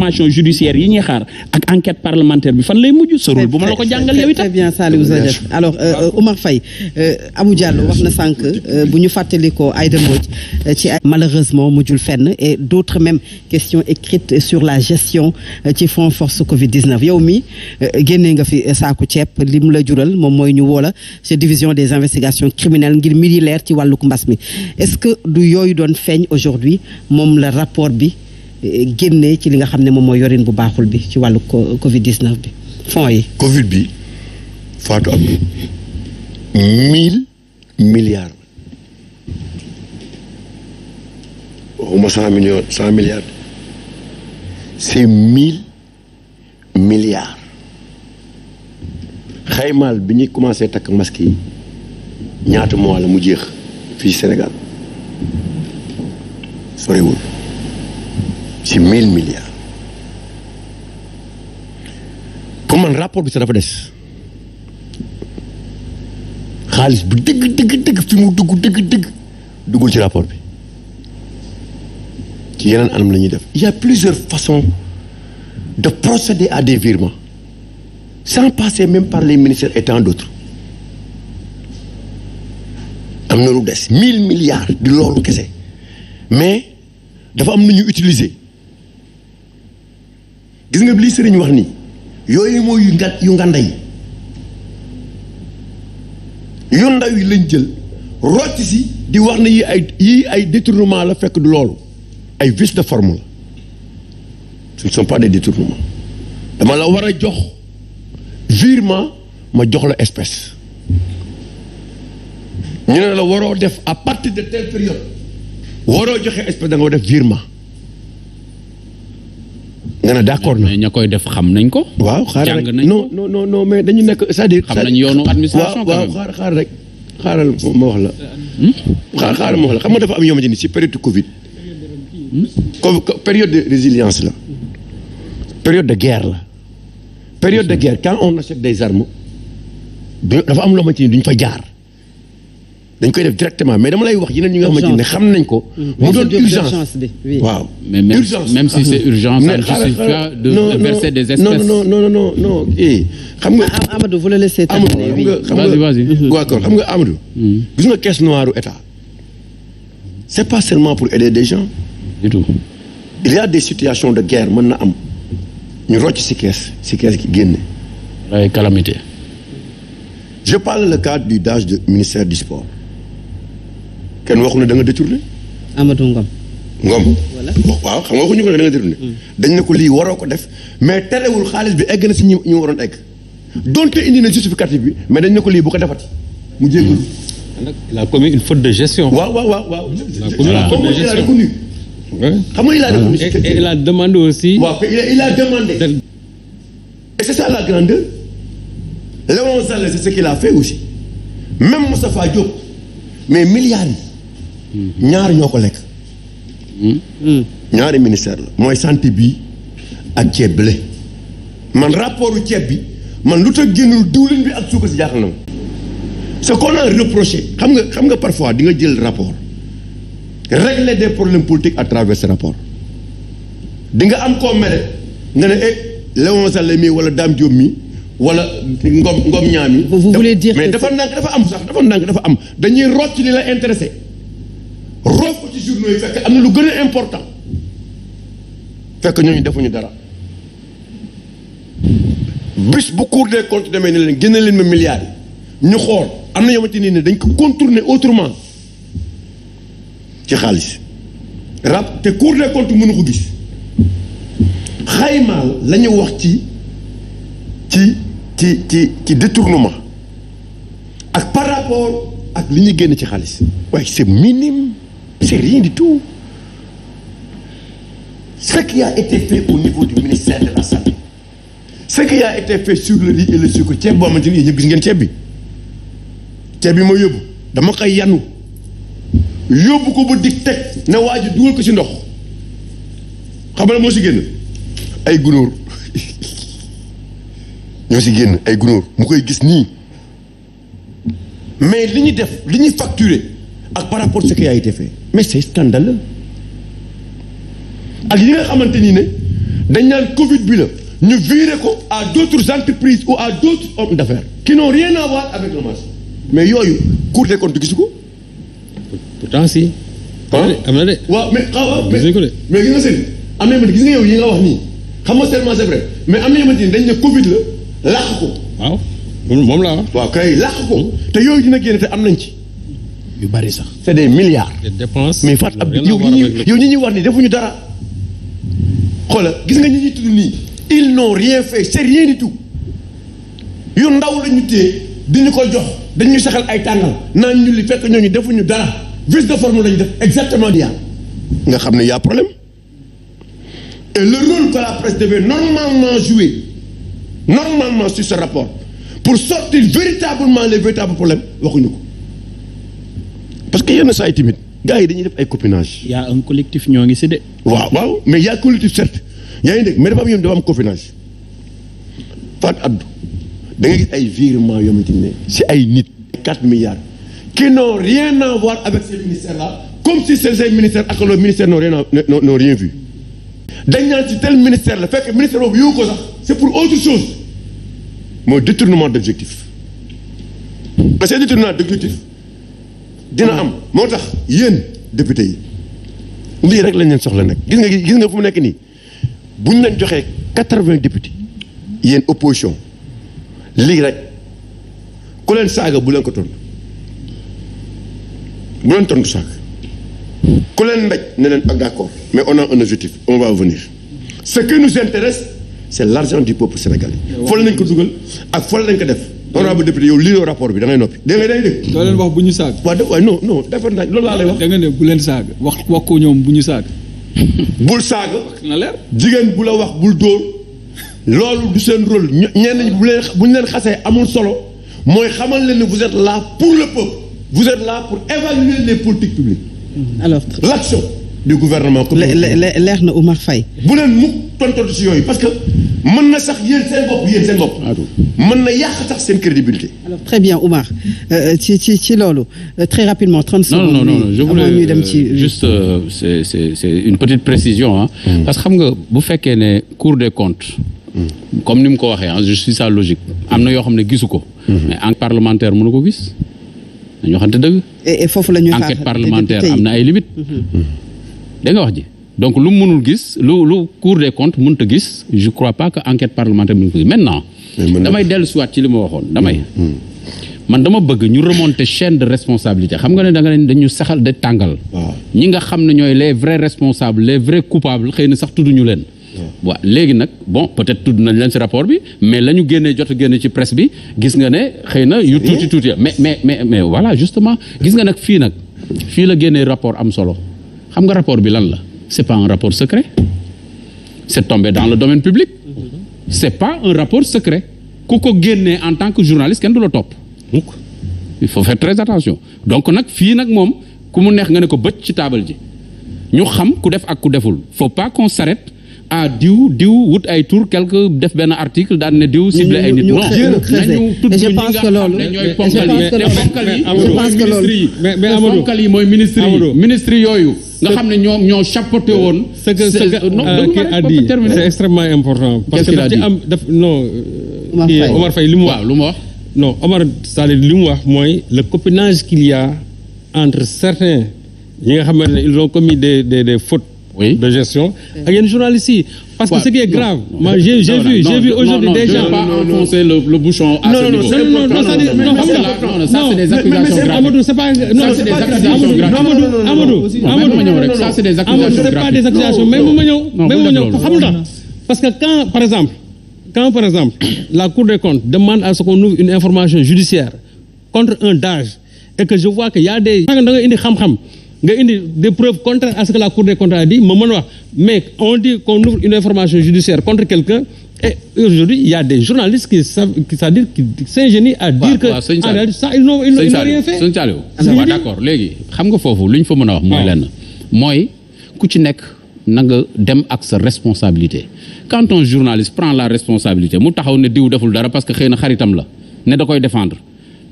information judiciaire yi ñuy xaar ak enquête parlementaire bi fan lay mujj sorul bu ma la ko jàngal yow itam très bien Saliou Zadiat alors euh, euh, euh, wax na sànq bu ñu fàttalikoo Aïda Mbodj ci malheureusement mujjul fenn et d'autres même questions écrites sur la gestion ci fonds force Covid-19 yow mi génnee nga fi saaku ceeb li mu la jural moom mooy ñu woola ci division des investigations criminelles ngir midi leer ci wàllu mbas mi est-ce que du yooyu doon feeñ génnee ci li nga xam ne moom moo yorin bu baaxul bi ci wàllu Covid 19 bi fonds yi. Covid bi faatu am mille milliards waxuma cent millions cent milliards c'est mille milliards xaymaal bi ñuy commencé takk maski yi ñaata mois mu jeex fii Sénégal sorewul ci mille milliards pour man rapport bi sax dafa des xaalis bi dëgg dëgg dëgg fi mu dugg dëgg dëgg duggul ci rapport bi ci yeneen anam la ñuy def il y a plusieurs façons de procéder à des virements sans passer même par les ministères et tant d'autres am na lu des mille milliards di loolu kese mais dafa am lu ñu utiliser gis nga lii sëriñ wax nii yooyu mooy yu nga yu nganda yi yu ndaw yi lañ jël rocc si di wax ne yi ay ay détournement la fekk du loolu ay vice de forme la ce ne sont pas des dama la war a jox virement ma jox la espèce ñu ne la waroo def à partir de telle période waroo joxe espèce da nga def virement nga ne d' accord na mais ña koy def xam nañ ko. waaw xaaral rek non non non mais dañu nekk c'est-à-dire. xam nañ yoonu administration. waaw waaw xaar rek xaaral ma la. Hmm? xaar xaaral ma la xam nga dafa am yoo xamante ni si période Covid. Hmm? comme période de résilience la. période de guerre la. période de hmm. guerre quand on achète des armes dafa am loo ci ni duñ fa jaar. dañ koy def directement mais dama lay wax yeneen ñi nga xamante ne xam nañ ko. Mm. mu doon waaw. mais même même si c'est urgence. ça ne justifie pas des espèces. non non non non eh, xam nga. Ah, ah, Amadou vous le laissez terminer oui xam nga xam nga mm-hmm. Amadou. Mm-hmm. gis nga caisse noire u état. c'est pas seulement pour aider des gens. il y des situations de guerre mën na am ñu rocc si caisse si caisse gi génne. ay calamité. je parle le cadre du DAGE du ministère du sport. kenn waxul ne da nga détourné. Amadou Ngom. Ngom waaw xam nga waxuñu ko ne da nga détourné. dañ ne ko lii waroo ko def mais terewul xaalis bi egg na si ñi ñu waroon egg donte indi na justificatif bi mais dañ ne ko lii bu ko defati mu jégalu. la commune une faute de gestion. waaw waaw la commune une de gestion xam nga a répondu. et il a demandé aussi. waaw il a demandé. et c'est la grandeur. Léon Sall c'est ce qu'il a fait aussi. même Moustapha Diop mais milliards yi. ñaar ñoo ko lekk. Hmm? Hmm. ñaari ministère la mooy santé bi ak ceeb bi la man rapportu ceeb bi man lu tax génnul diwlin bi ak suukar si jaaxal na ma. ce qu'on a reproché xam nga xam nga parfois di nga jël rapport régler des problèmes politiques à travers ce rapport di nga am koo mel nga ne eh Léon Sall mi wala daam Diop mi wala Ngom Ngom ñaam mi. vous voulez dire mais dafa nànk dafa am sax dafa nànk dafa am dañuy rocc li la intéressé. roof ko ci journaux yi fekk am na lu gën a important fekk ñooñu defuñu dara bis bu cour des comptes demee ne leen génne leen ma milliards ñu xool am na yomante nii ne dañ ko contourner autrement ci xaalis rab te cour des comptes mënu ko gis xaymaal la wax ci ci ci ci ci détournement ak par rapport ak li ñuy génn ci xaalis waaye c'est minime c'est rien du tout. Ce qui a été fait au niveau du ministère de la Santé, ce qui a été fait sur le riz et le sucre ceeb boo xamante ni ñëpp gis ngeen ceeb bi ceeb bi ma yóbbu dama koy yanu yóbbu ko ba dig teg ne waa ji dugal ko ci ndox xam nga moo ci génn ay gunóor ñoo ci génn ay gunóor mu koy gis nii mais li ñu def li ñuy facturer ak par rapport ce qui a été fait mais c'est ak yi nga xamante ni ne dañ naan Covid bi la ñu viré ko à d'autres entreprises ou à d'autres hommes d'affaires ki n'ont rien à voir avec le marché mais yooyu Cour des comptes gisu ko. pourtant si. Ah? am na de waaw mais xaw ah, mais mais gis nga seen am na yamante gis nga yow yi wax nii xam nga seulement c'est mais am na yamante ni dañ ne Covid la làq ko. waaw moom la waaw. waaw kay làq hmm? te yooyu dina génn te am nañ ci. yu bari sax c'est des milliards. des dépenses mais Fatou Abdou yow ñi ñuy yow ñi ñuy wax nii defuñu dara xoola gis nga ñi ñuy tudd nii ils n'ont rien fait c'est rien du tout yu ndaw la ñu téye diñu ko jox dañuy saxal ay tàngal naan ñu li fekk ñu defuñu dara vice de forme lañu def exactement di nga xam ne y problème et le rôle que la presse devait normalement jouer normalement sur ce rapport pour sortir véritablement les véritables problèmes waxuñu ko parce que yenn saa ay tamit gars yi dañuy def ay copinage. y' a un collectif ñoo ngi si de. waaw waaw mais y' a collectif certes yaa ngi dégg mais dafa yoon dafa am copinage Fat Abdou da gis ay virements yoo xamante si ay nit. 4 milliards qui n'ont rien à voir avec ces ministères là comme si ces ministères ak loolu ministère n'ont rien n'ont dañ naan si tel ministère la fekk ministère boobu yow ko sax c' est pour autre chose mooy détournement d' dina am moo tax yéen député yi lii rek lañ leen soxla nag gis nga gis nga fu mu nekk nii buñ leen joxee quatre-vingts députés yéen opposition lii rek ku leen saaga bu leen ko tontu bu leen tontu saaga ku leen mbéj ne leen ak ah, d'accord mais on a on va venir ce qui nous intéresse c'est l'argent du peuple sénégalais. fole nañ ko dugal ak fole nañ ko def. honorable député yow lii rapport bi da ngay noppi dégg day dégg. doo leen wax bu ñu saag. waaw de waaye non non defar loolu laa lay wax. da nga ne bu leen saag wax wax ko ñoom bu ñu saag. bul saag. na leer jigéen bu la wax bul dóor. loolu du seen rôle ñeen ñi bu leen bu ñu leen xase amul solo mooy xamal leen ne vous êtes là pour le peuple vous êtes là pour évaluer les politiques publiques. alors l'action du gouvernement. comme leer na Oumar Faye. bu leen mukk tontontu si yooyu parce que. mën na sax yéen seen bopp yéen seen bopp. mën na yàq sax seen crédibilité. très bien Oumar euh, euh, ci ci ci loolu euh, très rapidement. 30 secondes non no non je voulais euh, juste euh, c'est c'est une petite précision mm. parce que xam nga bu fekkee ne Cour de comptes. Mm. comme ni mu ko waxee ah je suis logique. am na yoo xam ne gisu ko. Mm-hmm. mais en parlementaire mënu ko gis. dañoo xamante dëgg. et foofu la ñuy xaar enquête parlementaire am na ay limites. Mm-hmm. Mm-hmm. dégg nga wax ji. donc lu mënul gis lu lu cour des comptes mënut gis je crois pas que enquête parlementaire mënul ko gis maintenant. damay dellu si ci li ma waxoon damay. Mm, mm. man dama bëgg ñu remonter chaîne de responsabilité xam nga ne da nga leen dañu saxal de tàngal. Ah. ñi nga xam ne ñooy les vrais responsables les vrais coupables xëy na sax tudduñu leen. Ah. waaw léegi nag bon peut-être tudd nañ leen si rapport bi mais la ñu jot a génne ci presse bi gis nga ne xëy na yu tuuti tuuti mais mais mais mais voilà justement gis nga nag fii nag fii la génnee rapport am solo xam nga rapport bi lan la. c'est pas un rapport secret c'est tombé dans le domaine public c'est pas un rapport secret ku ko génnee en tant que journaliste kenn du la topp donc il faut faire très attention donc nag fii nag moom ku mu neex nga ne ko bëcc ci taabal ji ñu xam ku def ak ku deful faut pas qu'on ah diw diw wut ay tour quelque def benn article daan ne diw ciblé ay nit. non nañu tudd ñi nga xam ne ñooy ponkal yi mooy ministre yi ministre yooyu. nga xam ne ñoom ñoo chapeauté woon. ce que ce que euh, a dit c'est extrêmement important. parce que daf ci am daf non. Omar Faye li mu wax lu mu wax. non Omar Sall li mu wax mooy le copinage qu'il y a entre certains ñi nga xamante ne ils ont commis des des de gestion ak yenn journalistes parce que ce qui est grave moi j'ai vu j'ai vu aujourd'hui des gens pas le, bouchon à ce non c'est pas des accusations mais ma ñëw mais moom ma ñëw xamul tax parce que quand par exemple la Cour des comptes demande à ce qu'on ouvre une information judiciaire contre un DAGE et que je vois que y a des da nga indi xam-xam nga indi des preuves contraires à ce que la cour des comptes a dit ma mën wax mais on dit qu'on ouvre une information judiciaire contre quelqu'un et aujourd'hui il y a des journalistes qui savent qui c'est-à-dire qui à dire que en réalité ça ils n'ont rien fait sëñ Saliou ah, ça va d'accord léegi xam nga foofu lu ñu fa mën a wax mooy lenn mooy ku ci nekk na nga dem ak sa responsabilité quand un journaliste prend la responsabilité mu taxaw ne diw deful dara parce que xëy na xaritam la ne da koy defendre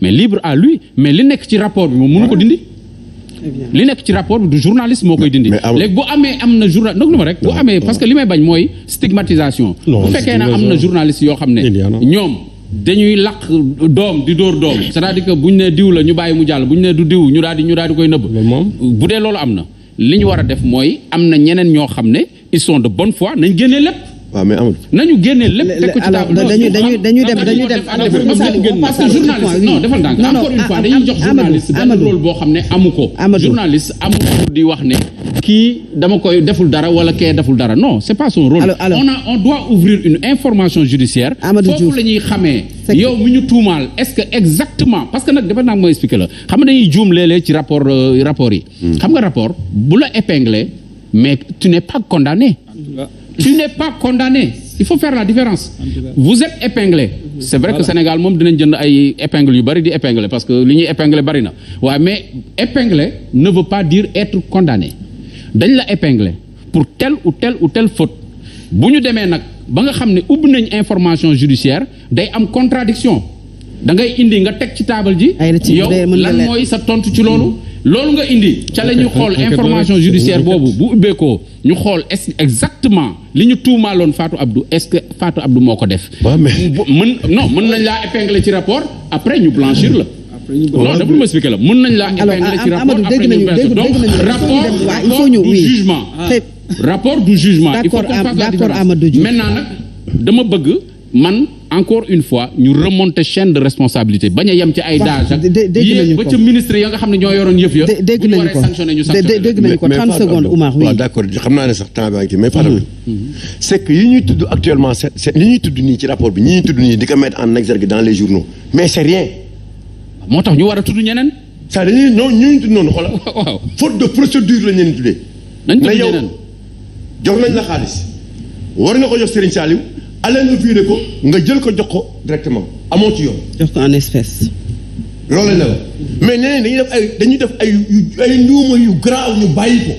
mais libre à lui li nekk ci rapport bi li nekk ci rapport du journaliste moo koy dindi. léegi bu amee am na journal nag lu ma rek. bu amee parce que li may bañ mooy stigmatisation. bu fekkee ne am na journaliste yoo xam ne ñoom. dañuy laq doom di dóor doom c'est-à-dire que bu ñu nee diw la ñu bàyyi mu jàll bu ñu nee du diw ñu daal di ñu daal di koy nëbb bu dee loolu am na li ñu war a def mooy am na ñeneen ñoo xam ne ils sont de bonne foi nañ génnee lépp waaw mais amul. nañu génne lépp teg dañuy dañuy dañuy def dañuy def. parce que journaliste non defal ndànk encore une fois dañuy jox journaliste benn rôle boo xam ne amu ko. journaliste amu ko di wax ne. kii dama koy deful dara wala kee deful dara no c'est pas son rôle. on a on doit ouvrir une information judiciaire. Amadou Diouf foofu la ñuy xamee. yow mu ñu tuumaal est-ce que exactement parce que nag dafa naa mooy expliquer la xam nga dañuy juum ci rapport euh, rapport yi. Hmm. xam nga rapport bu la épinglé mais tu n'es pas condamné. tu n'es pas condamné il faut faire la différence vous êtes épinglé c'est vrai que Sénégal moom dinañ jënd ay épingle yu bari di épinglé parce que li ñuy épinglé bari na waaye mais épinglé ne veut pas dire être condamné dañ la épinglé pour telle ou telle ou faute bu ñu demee nag ba nga xam ne ubbi nañ information judiciaire day am contradiction da ngay indi nga teg ci taabal ji yow lan mooy sa tontu ci loolu loolu nga indi ca la ñu xool information judiciaire boobu bu ubbeekoo ñu xool est exactement li ñu tuumaaloon Fatou Abdou est-ce que Fatou Abdou moo ko def. mën non mën nañ laa épingler ci rapport après ñu blanchir la. non dafa ma expliquer la mën nañ laa épingler ci ah, rapport après ñu blanchir donc rapport du jugement. rapport du jugement. il faut qu'on fasse la différence maintenant nag dama bëgg man. encore une fois ñu remonter chaîne de responsabilité bañ a yem ci ay daaj ak yéen ba ca ministre ya nga xam ne ñoo yoroon yëf ya dégg nañu ko dégg nañu ko 30 secondes Oumar oui mm-hmm. Mm-hmm. ñuy tudd actuellement c'est li tudd nii ci rapport bi ñi ñuy tudd nii di ko mettre moo tax ñu war ñeneen ça ñoo ñuy tudd noonu xoolal waaw faute de procédure la ñeen tuddee nañ tudd ñeneen jox nañ la xaalis war nga ko jox Serigne Saliou allez nga viré ko nga jël ko jox ko directement amoo ci yoon. jox ko en espèce. loolu la mais ne dañu def ay dañuy def ay ay njuuma yu grave ñu bàyyi ko.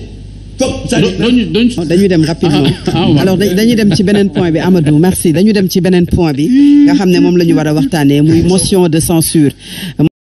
dañu oh, dem rapidement ah, ah, ah, alors dañu dem ci beneen point bi Amadou merci dañu dem ci beneen point bi nga xam ne moom la ñu war a waxtaanee muy motion de censure